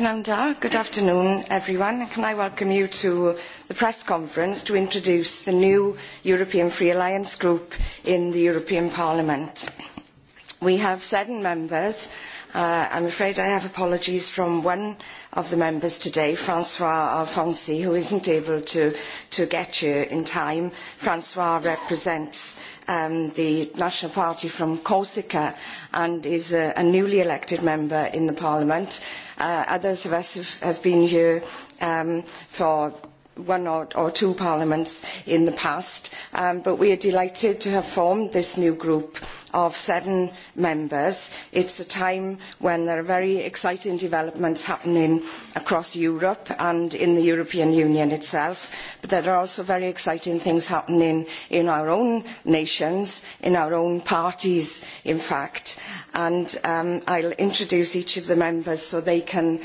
Pananda, good afternoon, everyone. Can I welcome you to the press conference to introduce the new European Free Alliance Group in the European Parliament? We have seven members. Uh, I'm afraid I have apologies from one of the members today, Francois Alfonsi, who isn't able to, to get here in time. Francois represents um the National Party from Corsica and is a, a newly elected member in the Parliament. others of us have, been here for one or, or two parliaments in the past, but we are delighted to have formed this new group of seven members. It is a time when there are very exciting developments happening across Europe and in the European Union itself, but there are also very exciting things happening in our own nations, in our own parties, in fact. And I will introduce each of the members so they can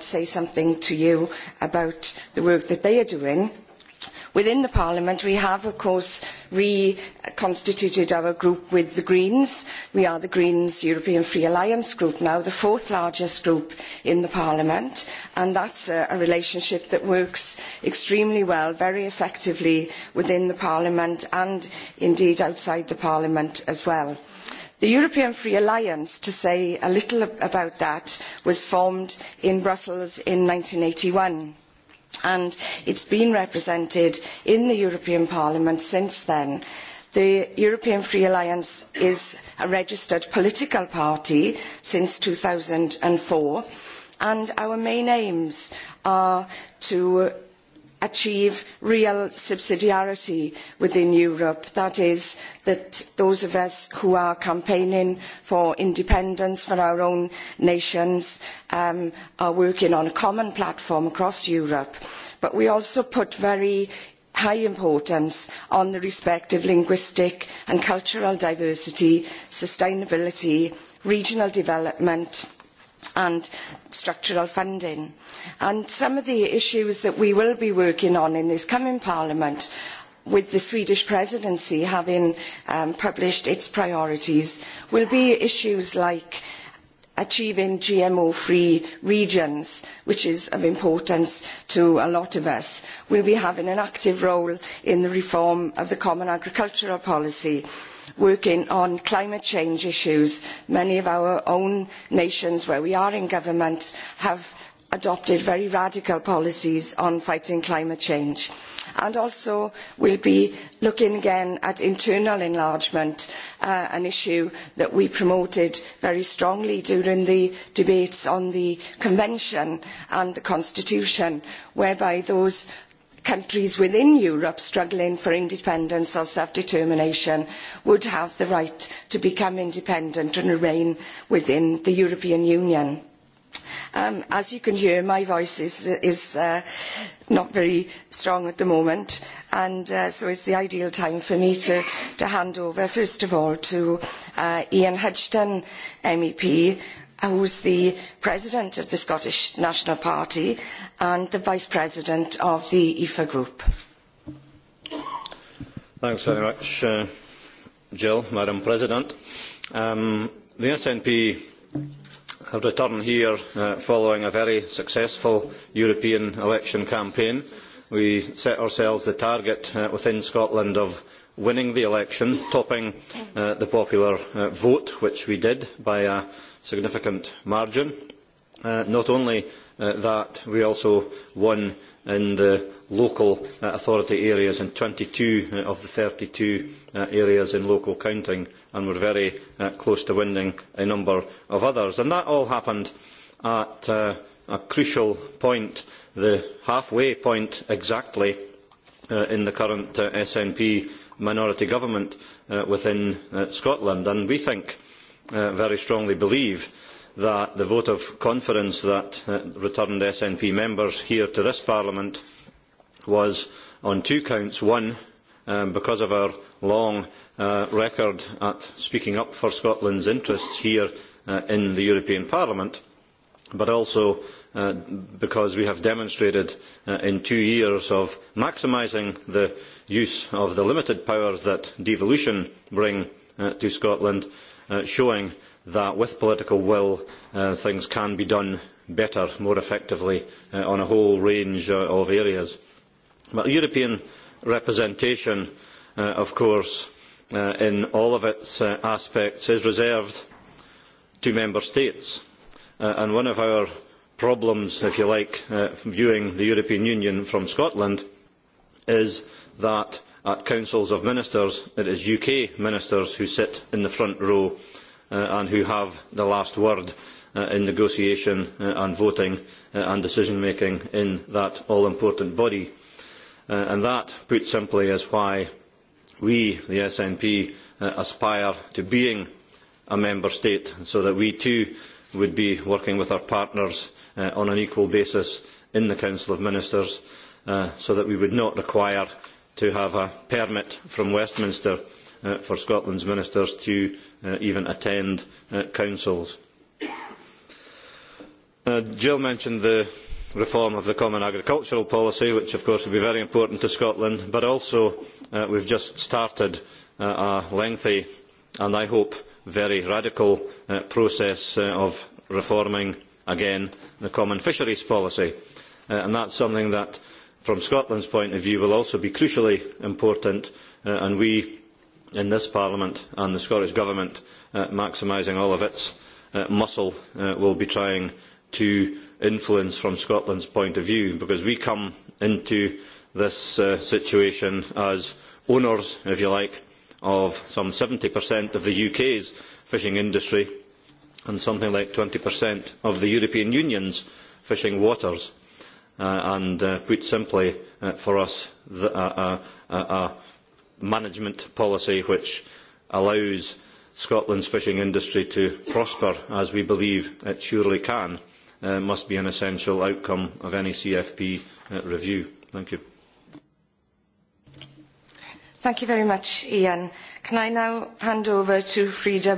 say something to you about the work that they are doing. Within Parliament, we have, of course, reconstituted our group with the Greens. We are the Greens European Free Alliance group now, the fourth largest group in Parliament, and that is a relationship that works extremely well, very effectively within the Parliament and indeed outside the Parliament as well. The European Free Alliance, to say a little about that, was formed in Brussels in eighty one and it has been represented in the European Parliament since then. The European Free Alliance is a registered political party since two thousand four and our main aims are to achieve real subsidiarity within Europe. That is, that those of us who are campaigning for independence for our own nations are working on a common platform across Europe. But we also put very high importance on the respect of linguistic and cultural diversity, sustainability, regional development, and structural funding. And some of the issues that we will be working on in this coming Parliament with the Swedish presidency having published its priorities will be issues like achieving GMO-free regions, which is of importance to a lot of us. We'll will be having an active role in the reform of the Common Agricultural Policy working on climate change issues. Many of our own nations where we are in government have adopted very radical policies on fighting climate change. And also will be looking again at internal enlargement, an issue that we promoted very strongly during the debates on the Convention and the Constitution, whereby those countries within Europe struggling for independence or self-determination would have the right to become independent and remain within the European Union. as you can hear, my voice is, not very strong at the moment, and so it is the ideal time for me to, hand over, first of all, to Ian Hudgton, MEP, who is the president of the Scottish National Party and the vice president of the IFA group. Thanks very much, Jill, Madam President. the SNP have returned here following a very successful European election campaign. We set ourselves the target within Scotland of winning the election, topping the popular vote, which we did by a significant margin. not only that, we also won in the local authority areas in twenty two of the thirty two areas in local counting and were very close to winning a number of others. that all happened at a crucial point, the halfway point exactly in the current SNP minority government within Scotland. we think very strongly believe that the vote of confidence that returned SNP members here to this Parliament was on two counts. One, because of our long record at speaking up for Scotland's interests here in the European Parliament, but also because we have demonstrated in two years of maximising the use of the limited powers that devolution brings to Scotland showing that with political will things can be done better, more effectively on a whole range of areas. But European representation, of course, in all of its aspects is reserved to member states. and one of our problems, if you like, viewing the European Union from Scotland is that at councils of ministers, it is UK ministers who sit in the front row and who have the last word in negotiation and voting and decision making in that all important body. that, put simply, is why we, the SNP, aspire to being a member state, so that we too would be working with our partners on an equal basis in the Council of Ministers, so that we would not require to have a permit from Westminster for Scotland's ministers to even attend councils. Jill mentioned the reform of the common agricultural policy, which of course will be very important to Scotland, but also we have just started a lengthy and I hope very radical process of reforming again the common fisheries policy. and that is something that from Scotland's point of view will also be crucially important and we in this Parliament and the Scottish Government maximising all of its muscle will be trying to influence from Scotland's point of view because we come into this situation as owners, if you like, of some 70% of the UK's fishing industry and something like 20% of the European Union's fishing waters and put simply for us a management policy which allows Scotland's fishing industry to prosper as we believe it surely can must be an essential outcome of any CFP review. Thank you. Thank you very much, Ian. Can I now hand over to Frida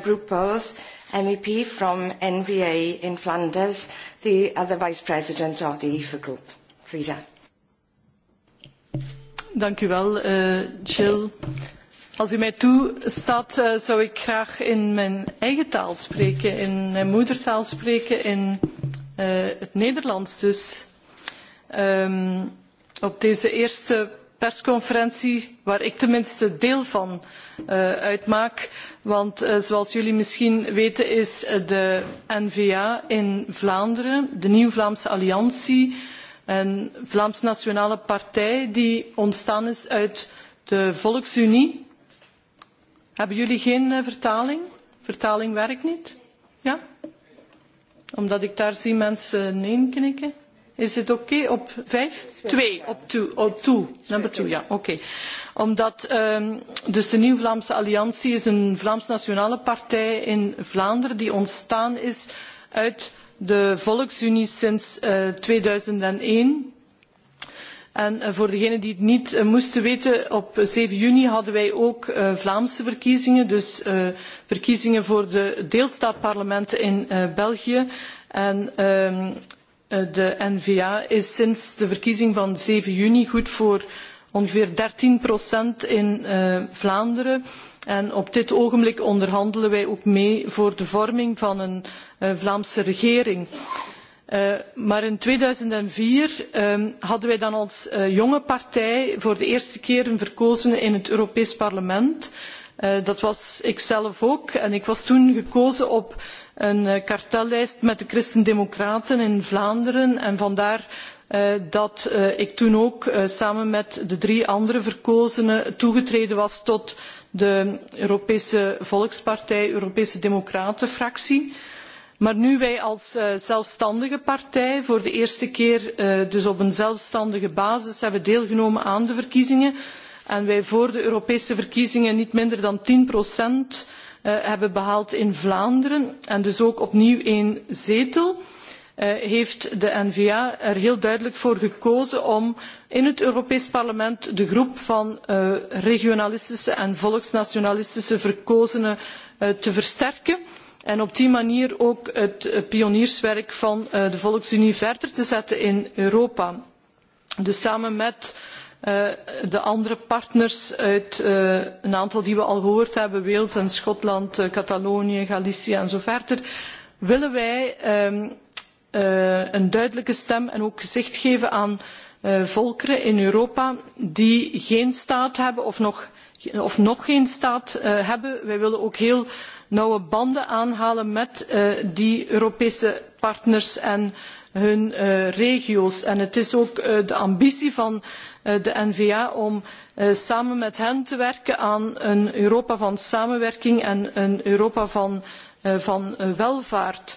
MEP from NVA in Flanders, the other Vice President of the IFA Group. Frida. Dank u wel, Jill. Als u mij toestaat, uh, zou ik graag in mijn eigen taal spreken, in mijn moedertaal spreken, in uh, het Nederlands dus. Um, op deze eerste persconferentie waar ik tenminste deel van uitmaak. Want zoals jullie misschien weten is de N-VA in Vlaanderen, de Nieuw Vlaamse Alliantie, een Vlaams Nationale Partij die ontstaan is uit de Volksunie. Hebben jullie geen vertaling? Vertaling werkt niet? Ja? Omdat ik daar zie mensen nee knikken. Is het oké op vijf? Twee, op twee. Op twee. Nummer twee, ja, oké. Omdat dus de Nieuw Vlaamse Alliantie is een Vlaams Nationale Partij in Vlaanderen die ontstaan is uit de Volksunie sinds 2001. En voor degenen die het niet moesten weten, op zeven juni hadden wij ook Vlaamse verkiezingen, dus verkiezingen voor de deelstaatparlementen in België. En de n va is sinds de verkiezing van zeven juni goed voor ongeveer dertien procent in Vlaanderen. En op dit ogenblik onderhandelen wij ook mee voor de vorming van een Vlaamse regering. maar in 2004 hadden wij dan als jonge partij voor de eerste keer een verkozene in het Europees Parlement. dat was ikzelf ook en ik was toen gekozen op een kartellijst met de christen democraten in vlaanderen en vandaar dat ik toen ook samen met de drie andere verkozenen toegetreden was tot de europese volkspartij europese democraten fractie. maar nu wij als zelfstandige partij voor de eerste keer dus op een zelfstandige basis hebben deelgenomen aan de verkiezingen en wij voor de europese verkiezingen niet minder dan tien procent hebben behaald in Vlaanderen en dus ook opnieuw één zetel, heeft de n va er heel duidelijk voor gekozen om in het europees parlement de groep van regionalistische en volksnationalistische verkozenen te versterken en op die manier ook het pionierswerk van de volksunie verder te zetten in europa. dus samen met de andere partners uit een aantal die we al gehoord hebben, Wales en Schotland, Catalonië, Galicië en zo verder, willen wij een duidelijke stem en ook gezicht geven aan volkeren in Europa die geen staat hebben of nog, geen staat hebben. Wij willen ook heel nauwe banden aanhalen met die Europese partners en hun regio's. En het is ook de ambitie van de n va om samen met hen te werken aan een Europa van samenwerking en een Europa van, welvaart.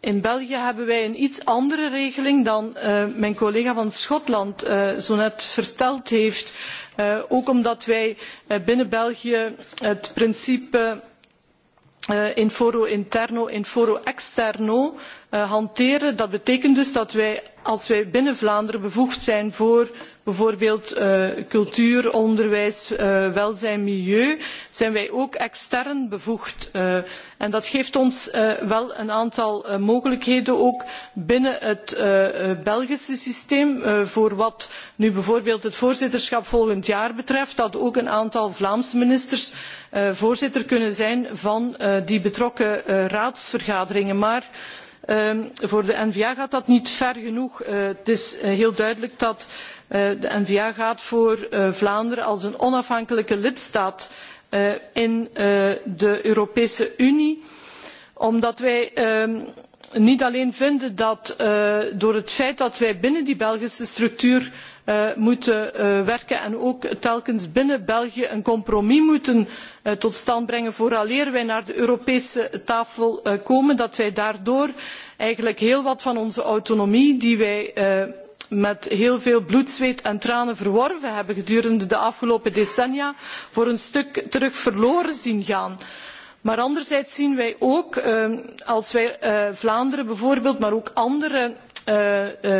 in België hebben wij een iets andere regeling dan mijn collega van Schotland zo net verteld heeft ook omdat wij binnen België het principe in foro interno in foro externo hanteren. Dat betekent dus dat wij, als wij binnen Vlaanderen bevoegd zijn voor bijvoorbeeld cultuur, onderwijs, welzijn, milieu, zijn wij ook extern bevoegd. en dat geeft ons wel een aantal mogelijkheden ook binnen het Belgische systeem voor wat nu bijvoorbeeld het voorzitterschap volgend jaar betreft, dat ook een aantal Vlaamse ministers voorzitter kunnen zijn van die betrokken raadsvergaderingen. Maar voor de n va gaat dat niet ver genoeg. het is heel duidelijk dat de n va gaat voor vlaanderen als een onafhankelijke lidstaat in de europese unie omdat wij niet alleen vinden dat door het feit dat wij binnen die belgische structuur moeten werken en ook telkens binnen belgië een compromis moeten tot stand brengen vooraleer wij naar de europese tafel komen dat wij daardoor eigenlijk heel wat van onze autonomie die wij met heel veel bloed, zweet en tranen verworven hebben gedurende de afgelopen decennia, voor een stuk terug verloren zien gaan. Maar anderzijds zien wij ook, als wij Vlaanderen bijvoorbeeld, maar ook andere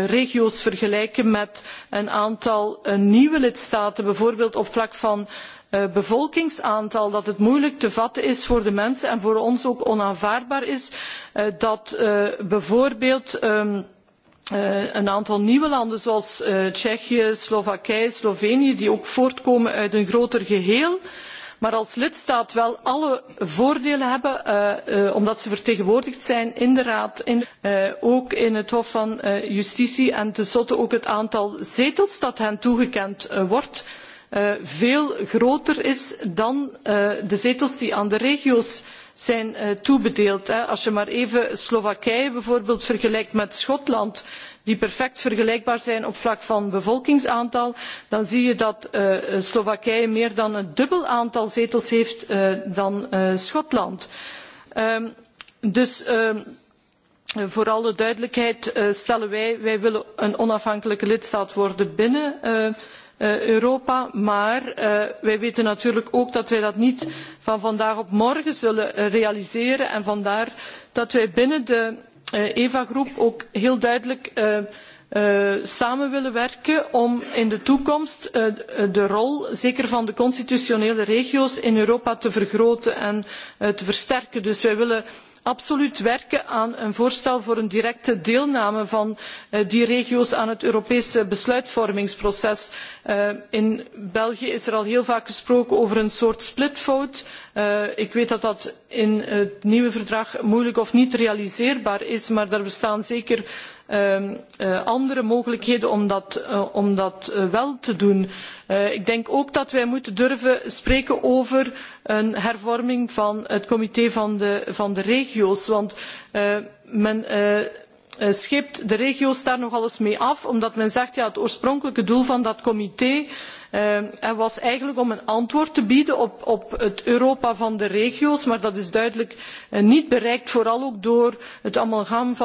regio's vergelijken met een aantal nieuwe lidstaten, bijvoorbeeld op vlak van bevolkingsaantal dat het moeilijk te vatten is voor de mensen en voor ons ook onaanvaardbaar is dat bijvoorbeeld een aantal nieuwe landen zoals Tsjechië, Slowakije, Slovenië, die ook voortkomen uit een groter geheel, maar als lidstaat wel alle voordelen hebben, omdat ze vertegenwoordigd zijn in de Raad, ook in het Hof van Justitie en tenslotte ook het aantal zetels dat hen toegekend wordt veel groter is dan de zetels die aan de regio's zijn toebedeeld. Als je maar even Slowakije bijvoorbeeld vergelijkt met Schotland, die perfect vergelijkbaar zijn op vlak van bevolkingsaantal, dan zie je dat Slowakije meer dan het dubbel aantal zetels heeft dan Schotland. dus voor alle duidelijkheid stellen wij, wij willen een onafhankelijke lidstaat worden binnen Europa. Maar wij weten natuurlijk ook dat wij dat niet van vandaag op morgen zullen realiseren. En vandaar dat wij binnen de EVA-groep ook heel duidelijk samen willen werken om in de toekomst de rol zeker van de constitutionele regio's in Europa te vergroten en te versterken. Dus wij willen absoluut werken aan een voorstel voor een directe deelname van die regio's aan het Europese besluitvormingsproces. in België is er al heel vaak gesproken over een soort vote. ik weet dat dat in het nieuwe verdrag moeilijk of niet realiseerbaar is, maar daar bestaan zeker andere mogelijkheden om dat, wel te doen. ik denk ook dat wij moeten durven spreken over een hervorming van het comité van de, regio's. Want men scheept de regio's daar nogal eens mee af, omdat men zegt dat het oorspronkelijke doel van dat comité en was eigenlijk om een antwoord te bieden op het europa van de regio's maar dat is duidelijk niet bereikt vooral ook door het amalgam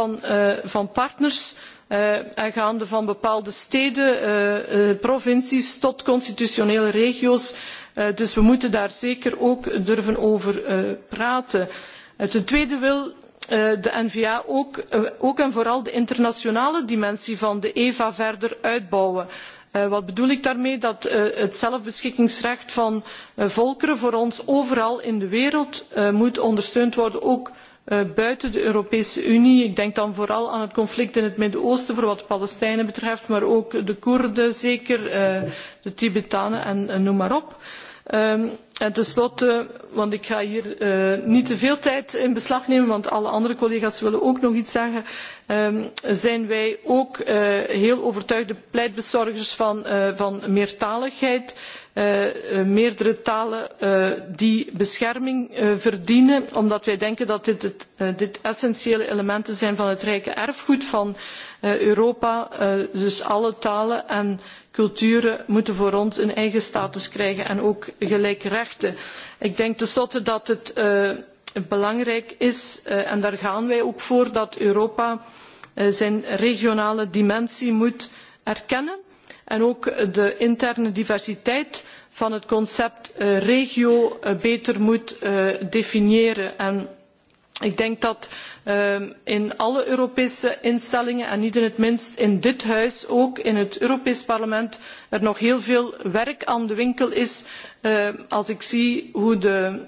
van partners gaande van bepaalde steden provincies tot constitutionele regio's dus we moeten daar zeker ook durven over praten. ten tweede wil de n va ook en vooral de internationale dimensie van de eva verder uitbouwen wat bedoel ik daarmee? Dat het zelfbeschikkingsrecht van volkeren voor ons overal in de wereld moet ondersteund worden, ook buiten de Europese Unie. Ik denk dan vooral aan het conflict in het Midden-Oosten voor wat de Palestijnen betreft, maar ook de Koerden zeker, de Tibetanen en noem maar op. En tenslotte, want ik ga hier niet te veel tijd in beslag nemen, want alle andere collega's willen ook nog iets zeggen zijn wij ook heel overtuigde pleitbezorgers van, meertaligheid. meerdere talen die bescherming verdienen, omdat wij denken dat dit, essentiële elementen zijn van het rijke erfgoed van Europa. dus alle talen en culturen moeten voor ons een eigen status krijgen en ook gelijke rechten. Ik denk tenslotte dat het belangrijk is, en daar gaan wij ook voor, dat Europa zijn regionale dimensie moet erkennen en ook de interne diversiteit van het concept regio beter moet definiëren. ik denk dat in alle Europese instellingen en niet in het minst in dit huis, ook in het Europees Parlement, er nog heel veel werk aan de winkel is als ik zie hoe de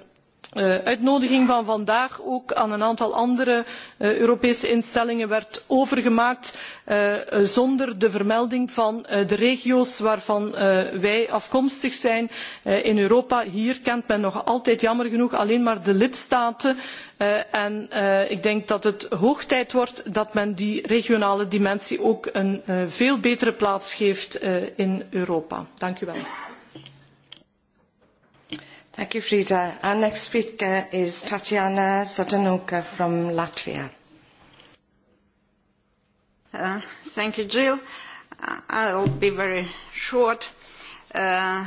uitnodiging van vandaag ook aan een aantal andere Europese instellingen werd overgemaakt zonder de vermelding van de regio's waarvan wij afkomstig zijn. in Europa hier kent men nog altijd jammer genoeg alleen maar de lidstaten en ik denk dat het hoog tijd wordt dat men die regionale dimensie ook een veel betere plaats geeft in Europa. Dank u wel. Thank you, Frida. Our next speaker is Tatiana Sotanuka from Latvia. Uh, thank you, Jill. I'll be very short. Uh,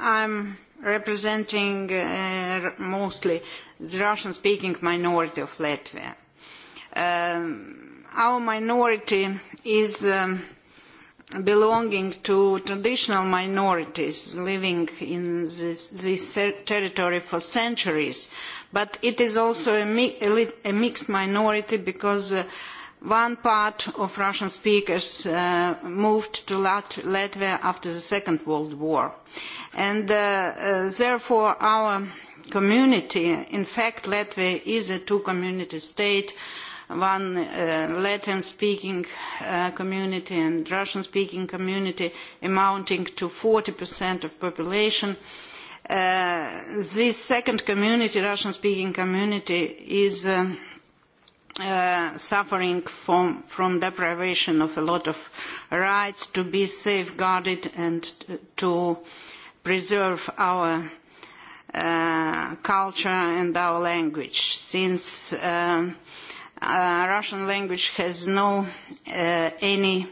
I'm representing uh, mostly the Russian-speaking minority of Latvia. Um, our minority is... Um, belonging to traditional minorities living in this, territory for centuries, but it is also a, mixed minority because one part of Russian speakers moved to Latvia after the Second World War. And therefore our community, in fact Latvia is a two-community state, uh, one Latin speaking community and Russian speaking community amounting to 40% of population. this second community, Russian speaking community, is suffering from, from deprivation of a lot of rights to be safeguarded and to preserve our culture and our language since Russian language has no any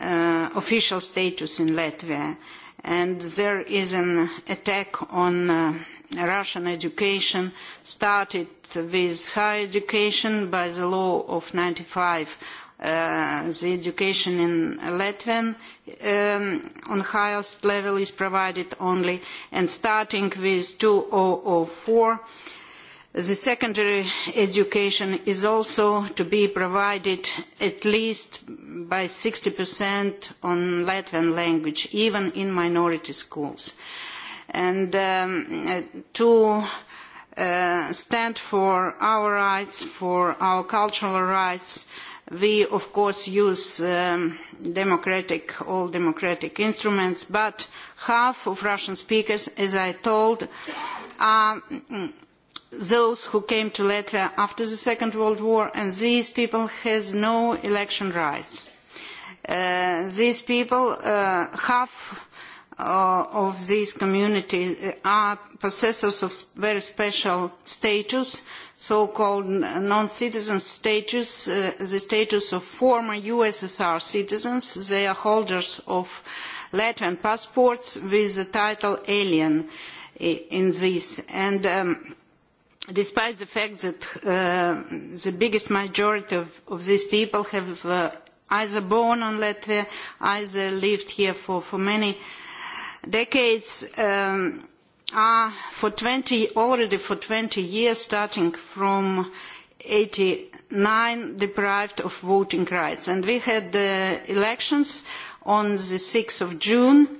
official status in Latvia, and there is an attack on Russian education started with higher education by the law of ninety five. the education in Latvian on highest level is provided only, and starting with two four The secondary education is also to be provided at least by 60% on Latvian language, even in minority schools. And to stand for our rights, for our cultural rights, we of course use democratic, all democratic instruments, but half of Russian speakers, as I told, are those who came to Latvia after the Second World War, and these people have no election rights. these people, half of these communities are possessors of very special status, so-called non-citizen status, the status of former USSR citizens. They are holders of Latvian passports with the title alien in this. And despite the fact that the biggest majority of, these people have either born on Latvia, either lived here for, for many decades, are for 20, already for 20 years, starting from eighty nine deprived of voting rights. And we had the elections on the 6 of June,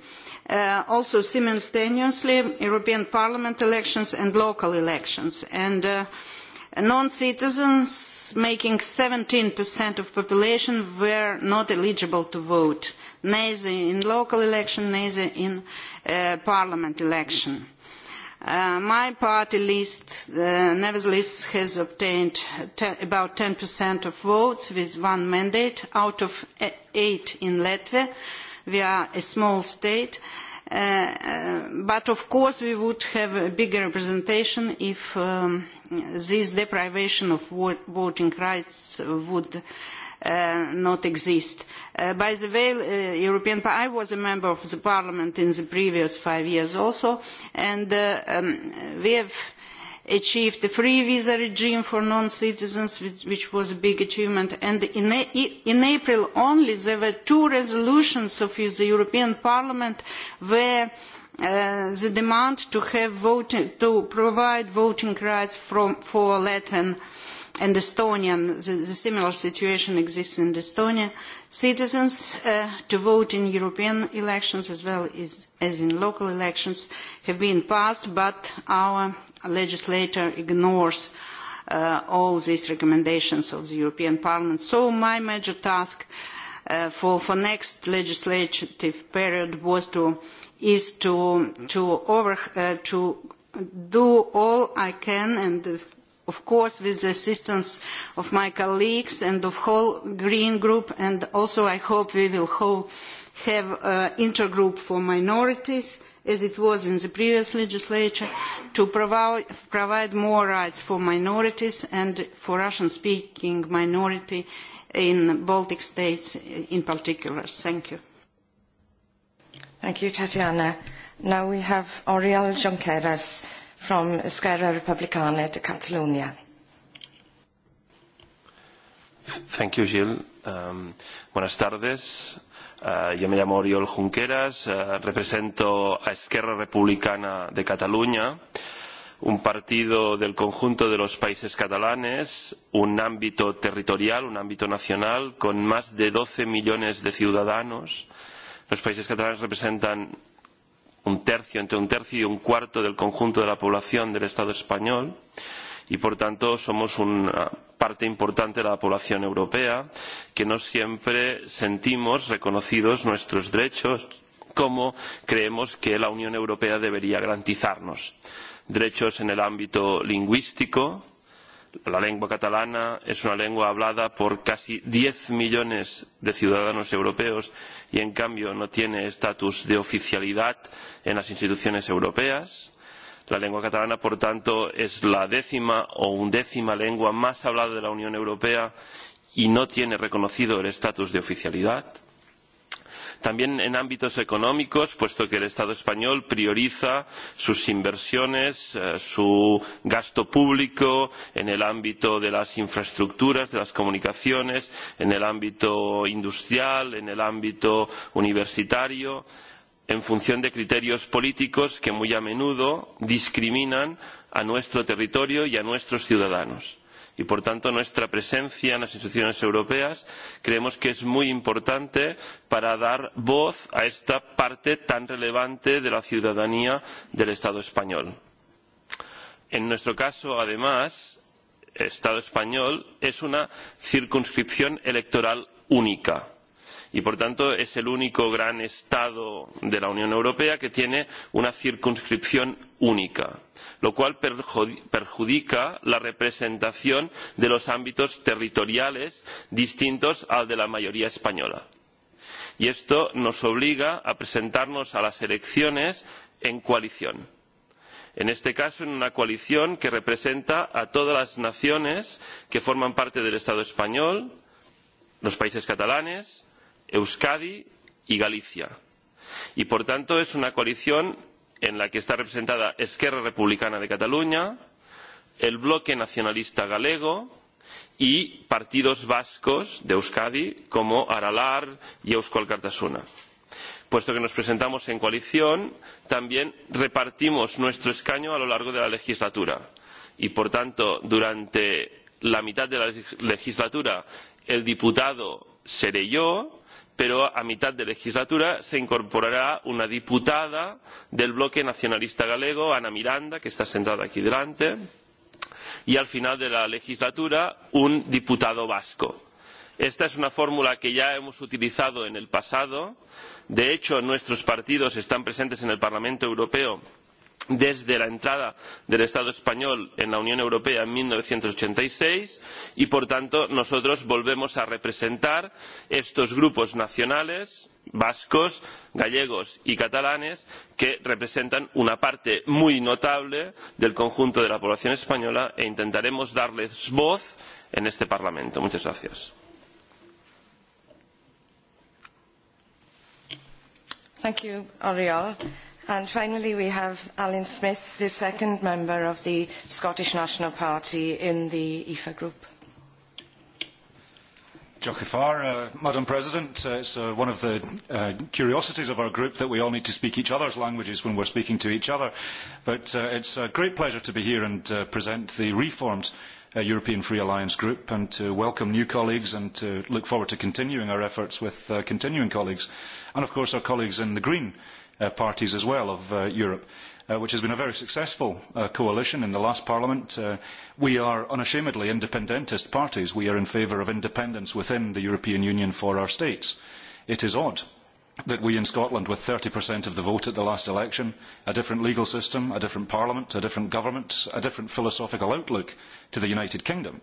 also simultaneously European Parliament elections and local elections. And non-citizens, making 17% of population, were not eligible to vote, neither in local election, neither in parliament election. my party list, nevertheless, has obtained about 10% of votes with one mandate out of eight in Latvia We are a small state. but of course we would have a bigger representation if this deprivation of voting rights would not exist. by the way, European, I was a member of the parliament in the previous five years also, and we have achieved a free visa regime for non-citizens, which was a big achievement. And in, April only, there were two resolutions of the European Parliament where the demand to have voting, to provide voting rights for Latvian and Estonian, the, the similar situation exists in Estonia, citizens to vote in European elections as well as in local elections have been passed, but our legislator ignores all these recommendations of the European Parliament. So my major task for the next legislative period was to is to do all I can and of course with the assistance of my colleagues and of the whole Green Group and also I hope we will have an intergroup for minorities as it was in the previous legislature to provide, more rights for minorities and for Russian speaking minority in the Baltic states in particular. Thank you. Thank you, Tatiana. Now we have Oriol Junqueras from Esquerra Republicana de Catalunya. Thank you, Jill. Um, buenas tardes. Uh, yo me llamo Oriol Junqueras, uh, represento a Esquerra Republicana de Cataluña, un partido del conjunto de los países catalanes, un ámbito territorial, un ámbito nacional, con más de 12 millones de ciudadanos. Los países catalanes representan un tercio, entre un tercio y un cuarto del conjunto de la población del Estado español y por tanto somos una parte importante de la población europea que no siempre sentimos reconocidos nuestros derechos como creemos que la Unión Europea debería garantizarnos. Derechos en el ámbito lingüístico, la lengua catalana es una lengua hablada por casi diez millones de ciudadanos europeos y en cambio no tiene estatus de oficialidad en las instituciones europeas. La lengua catalana, por tanto, es la décima o undécima lengua más hablada de la Unión Europea y no tiene reconocido el estatus de oficialidad. También en ámbitos económicos, puesto que el Estado español prioriza sus inversiones, su gasto público en el ámbito de las infraestructuras, de las comunicaciones, en el ámbito industrial, en el ámbito universitario en función de criterios políticos que muy a menudo discriminan a nuestro territorio y a nuestros ciudadanos y por tanto nuestra presencia en las instituciones europeas creemos que es muy importante para dar voz a esta parte tan relevante de la ciudadanía del Estado español. En nuestro caso, además, el Estado español es una circunscripción electoral única y por tanto es el único gran estado de la unión europea que tiene una circunscripción única lo cual perjudica la representación de los ámbitos territoriales distintos al de la mayoría española y esto nos obliga a presentarnos a las elecciones en coalición en este caso en una coalición que representa a todas las naciones que forman parte del estado español los países catalanes Euskadi y Galicia. Y por tanto es una coalición en la que está representada Esquerra Republicana de Cataluña, el Bloque Nacionalista Galego y partidos vascos de Euskadi como Aralar y Eusko Alcartasuna. Puesto que nos presentamos en coalición, también repartimos nuestro escaño a lo largo de la legislatura y, por tanto, durante la mitad de la legislatura el diputado seré yo, pero a mitad de legislatura se incorporará una diputada del bloque nacionalista galego, Ana Miranda, que está sentada aquí delante, y al final de la legislatura un diputado vasco. Esta es una fórmula que ya hemos utilizado en el pasado. De hecho, nuestros partidos están presentes en el Parlamento Europeo desde la entrada del Estado español en la Unión Europea en mil novecientos ochenta y seis y, por tanto, nosotros volvemos a representar estos grupos nacionales vascos, gallegos y catalanes que representan una parte muy notable del conjunto de la población española e intentaremos darles voz en este Parlamento. Muchas gracias. Thank you, And finally, we have Alan Smith, the second member of the Scottish National Party in the IFA group. Madam President, it is one of the curiosities of our group that we all need to speak each other's languages when we are speaking to each other. But it is a great pleasure to be here and present the reformed European Free Alliance group and to welcome new colleagues and to look forward to continuing our efforts with continuing colleagues and, of course, our colleagues in the Green parties as well of Europe, which has been a very successful coalition in the last parliament. we are unashamedly independentist parties. We are in favour of independence within the European Union for our states. It is odd that we in Scotland, with 30% of the vote at the last election, a different legal system, a different parliament, a different government, a different philosophical outlook to the United Kingdom,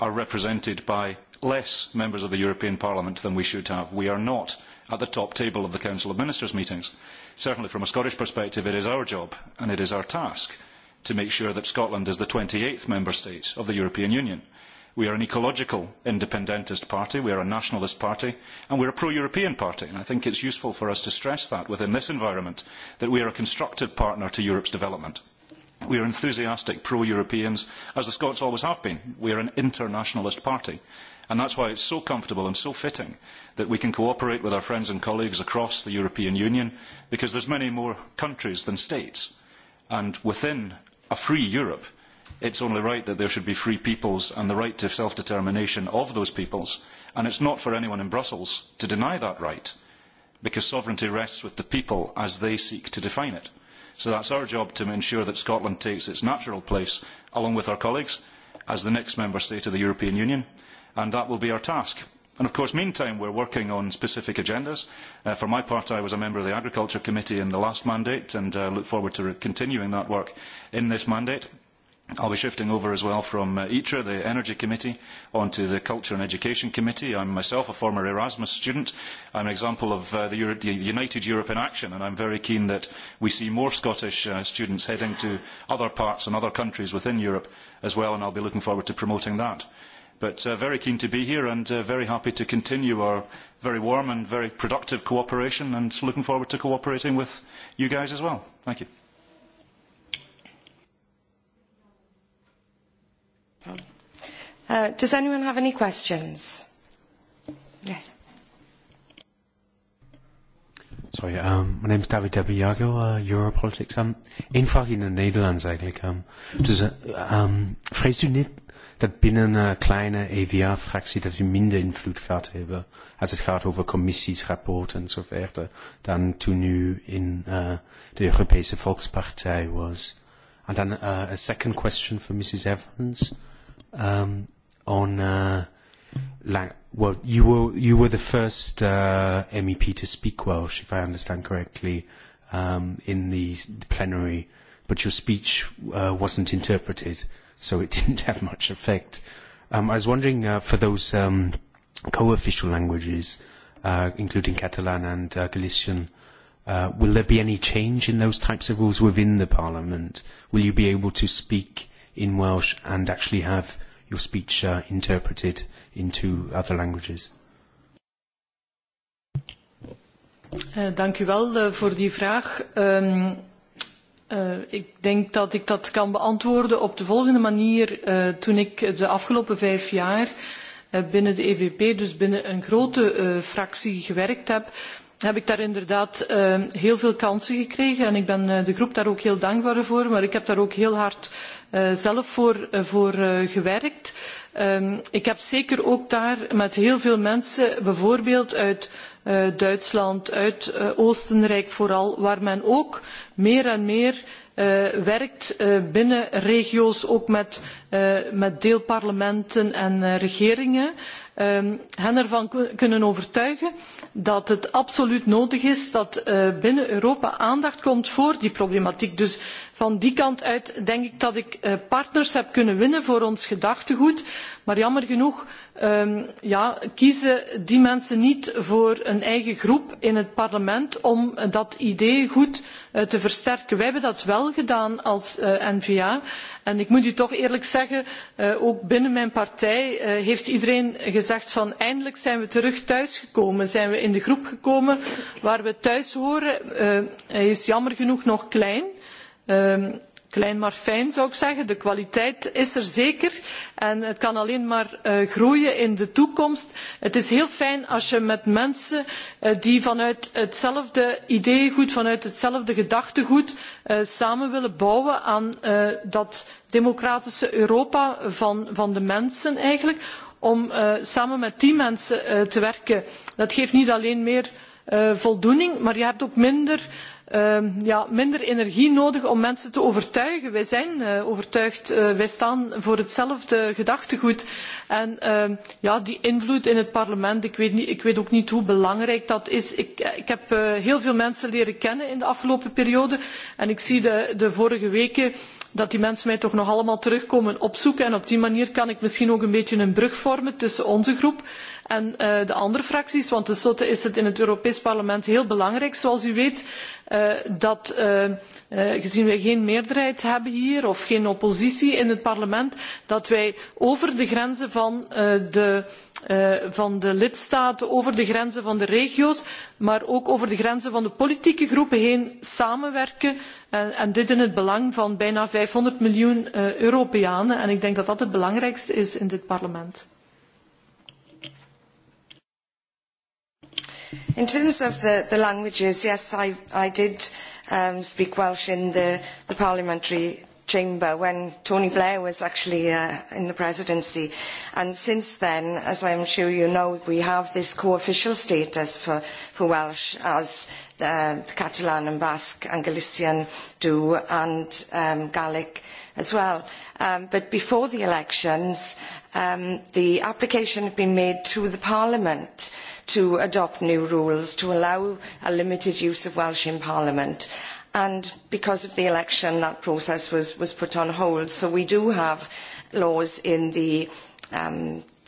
are represented by less members of the European Parliament than we should have. We are not at the top table of the Council of Ministers meetings. Certainly from a Scottish perspective, it is our job and it is our task to make sure that Scotland is the twenty eighth member state of the European Union. We are an ecological independentist party, we are a nationalist party, and we are a pro-European party. And I think it is useful for us to stress that within this environment, that we are a constructive partner to Europe's development. We are enthusiastic pro-Europeans, as the Scots always have been. We are an internationalist party. And that is why it is so comfortable and so fitting that we can cooperate with our friends and colleagues across the European Union, because there are many more countries than states. And within a free Europe, it is only right that there should be free peoples and the right to self-determination of those peoples. And it is not for anyone in Brussels to deny that right, because sovereignty rests with the people as they seek to define it So that is our job to ensure that Scotland takes its natural place, along with our colleagues, as the next member state of the European Union, and that will be our task. And of course, meantime, we are working on specific agendas. for my part, I was a member of the Agriculture Committee in the last mandate, and uh, look forward to continuing that work in this mandate. I'll be shifting over as well from uh, ITRA, the Energy Committee, onto the Culture and Education Committee. I'm myself a former Erasmus student. I'm an example of uh, the, Euro the United Europe in action, and I'm very keen that we see more Scottish uh, students heading to other parts and other countries within Europe as well, and I'll be looking forward to promoting that. But uh, very keen to be here and uh, very happy to continue our very warm and very productive cooperation and looking forward to cooperating with you guys as well. Thank you. does anyone have any questions? Yes. Sorry, um, my name is David W. Dabiago, uh, Europolitics. Um, in vraag in het Nederlands eigenlijk. Um, does, uh, um, vreest u niet dat binnen een kleine EVA-fractie dat u minder invloed gaat hebben als het gaat over commissies, rapporten enzovoort dan toen u in uh, de Europese Volkspartij was? And then, uh, a second question for Mrs. Evans. Um, on uh, like well you were you were the first uh, MEP to speak Welsh if I understand correctly um, in the, the plenary but your speech uh, wasn't interpreted so it didn't have much effect um, I was wondering uh, for those um, co-official languages uh, including Catalan and uh, Galician uh, will there be any change in those types of rules within the parliament will you be able to speak in Welsh and actually have your speech uh, interpreted into other languages? Dank u wel voor die vraag. ik denk dat ik dat kan beantwoorden op de volgende manier. toen ik de afgelopen vijf jaar binnen de EVP, dus binnen een grote fractie, gewerkt heb, heb ik daar inderdaad heel veel kansen gekregen. En ik ben de groep daar ook heel dankbaar voor, maar ik heb daar ook heel hard zelf voor, gewerkt. ik heb zeker ook daar met heel veel mensen, bijvoorbeeld uit Duitsland, uit Oostenrijk vooral, waar men ook meer en meer werkt binnen regio's, ook met, deelparlementen en regeringen, hen ervan kunnen overtuigen dat het absoluut nodig is dat binnen Europa aandacht komt voor die problematiek. Dus van die kant uit denk ik dat ik partners heb kunnen winnen voor ons gedachtegoed maar jammer genoeg kiezen die mensen niet voor een eigen groep in het parlement om dat idee goed te versterken. wij hebben dat wel gedaan als n va en ik moet u toch eerlijk zeggen ook binnen mijn partij heeft iedereen gezegd van eindelijk zijn we terug thuis gekomen, zijn we in de groep gekomen waar we thuis horen. hij is jammer genoeg nog klein klein maar fijn zou ik zeggen. De kwaliteit is er zeker en het kan alleen maar groeien in de toekomst. Het is heel fijn als je met mensen die vanuit hetzelfde ideeëngoed vanuit hetzelfde gedachtegoed samen willen bouwen aan dat democratische Europa van de mensen eigenlijk, om samen met die mensen te werken. Dat geeft niet alleen meer voldoening, maar je hebt ook minder minder energie nodig om mensen te overtuigen. Wij zijn overtuigd, wij staan voor hetzelfde gedachtegoed. En die invloed in het parlement, ik weet, ook niet hoe belangrijk dat is. Ik, heb heel veel mensen leren kennen in de afgelopen periode en ik zie de, vorige weken dat die mensen mij toch nog allemaal terugkomen opzoeken en op die manier kan ik misschien ook een beetje een brug vormen tussen onze groep en de andere fracties want tenslotte is het in het europees parlement heel belangrijk zoals u weet dat gezien wij geen meerderheid hebben hier of geen oppositie in het parlement wij over de grenzen van de lidstaten over de grenzen van de regio's maar ook over de grenzen van de politieke groepen heen samenwerken en dit in het belang van bijna vijfhonderd miljoen europeanen en ik denk dat dat het belangrijkste is in dit parlement. In terms of the, the languages, yes, I, I did um, speak Welsh in the, the parliamentary chamber when Tony Blair was actually uh, in the presidency. And since then, as I'm sure you know, we have this co-official status for, for Welsh as uh, Catalan and Basque and Galician do and um, Gaelic as well. but before the elections, the application had been made to the Parliament to adopt new rules to allow a limited use of Welsh in Parliament and because of the election that process was, put on hold. So we do have laws in the,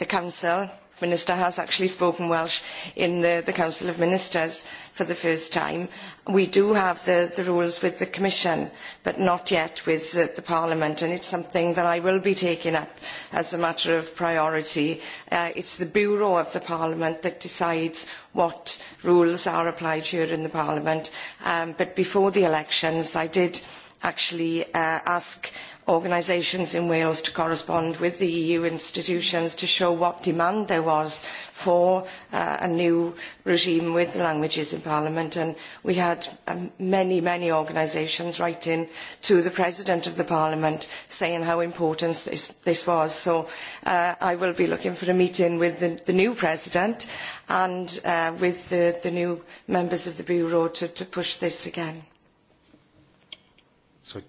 Council Minister has actually spoken Welsh in the, Council of Ministers for the first time. We do have the, rules with the Commission, but not yet with the, Parliament, and it is something that I will be taking up as a matter of priority. It is the Bureau of the Parliament that decides what rules are applied here in Parliament, but before the elections I did actually ask organisations in Wales to correspond with the EU institutions to show what demand there was for a new regime with languages in Parliament. And we had many, many organisations writing to the President of the Parliament saying how important this, was. So I will be looking for a meeting with the, new President and with the, new members of the Bureau to, push this again. So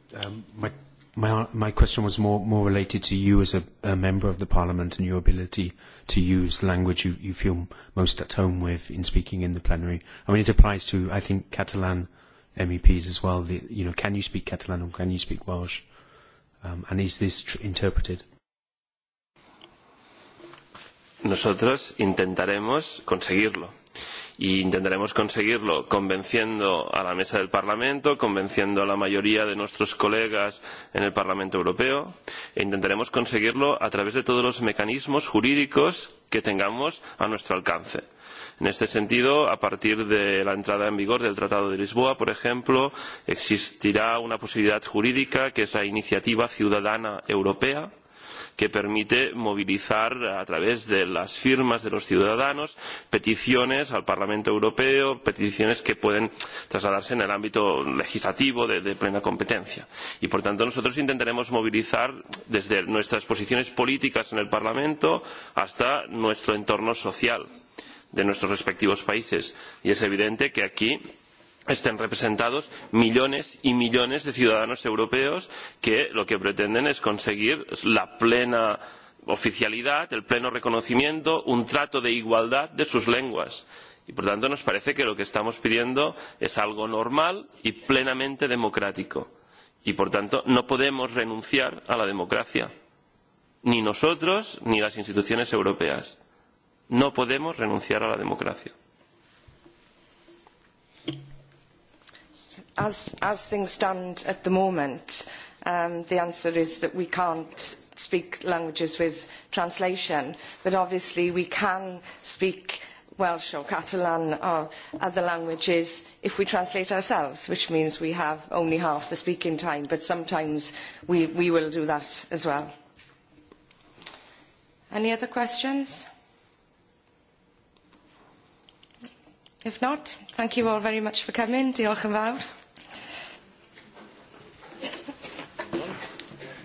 my My, my question was more, more related to you as a, a member of the parliament and your ability to use language you, you feel most at home with in speaking in the plenary. I mean, it applies to, I think, Catalan MEPs as well. The, you know, can you speak Catalan or can you speak Welsh? Um, and is this tr interpreted? Nosotros intentaremos conseguirlo e intentaremos conseguirlo convenciendo a la mesa del Parlamento, convenciendo a la mayoría de nuestros colegas en el Parlamento Europeo e intentaremos conseguirlo a través de todos los mecanismos jurídicos que tengamos a nuestro alcance. En este sentido, a partir de la entrada en vigor del Tratado de Lisboa, por ejemplo, existirá una posibilidad jurídica que es la iniciativa ciudadana europea que permite movilizar a través de las firmas de los ciudadanos peticiones al Parlamento Europeo, peticiones que pueden trasladarse en el ámbito legislativo de, de plena competencia. Y por tanto nosotros intentaremos movilizar desde nuestras posiciones políticas en el Parlamento hasta nuestro entorno social de nuestros respectivos países. Y es evidente que aquí estén representados millones y millones de ciudadanos europeos que lo que pretenden es conseguir la plena oficialidad, el pleno reconocimiento, un trato de igualdad de sus lenguas. Y por tanto nos parece que lo que estamos pidiendo es algo normal y plenamente democrático. Y por tanto no podemos renunciar a la democracia. Ni nosotros ni las instituciones europeas. No podemos renunciar a la democracia. as, as things stand at the moment, um, the answer is that we can't speak languages with translation, but obviously we can speak Welsh or Catalan or other languages if we translate ourselves, which means we have only half the speaking time, but sometimes we, we will do that as well. Any other questions? If not, thank you all very much for coming. Diolch yn fawr.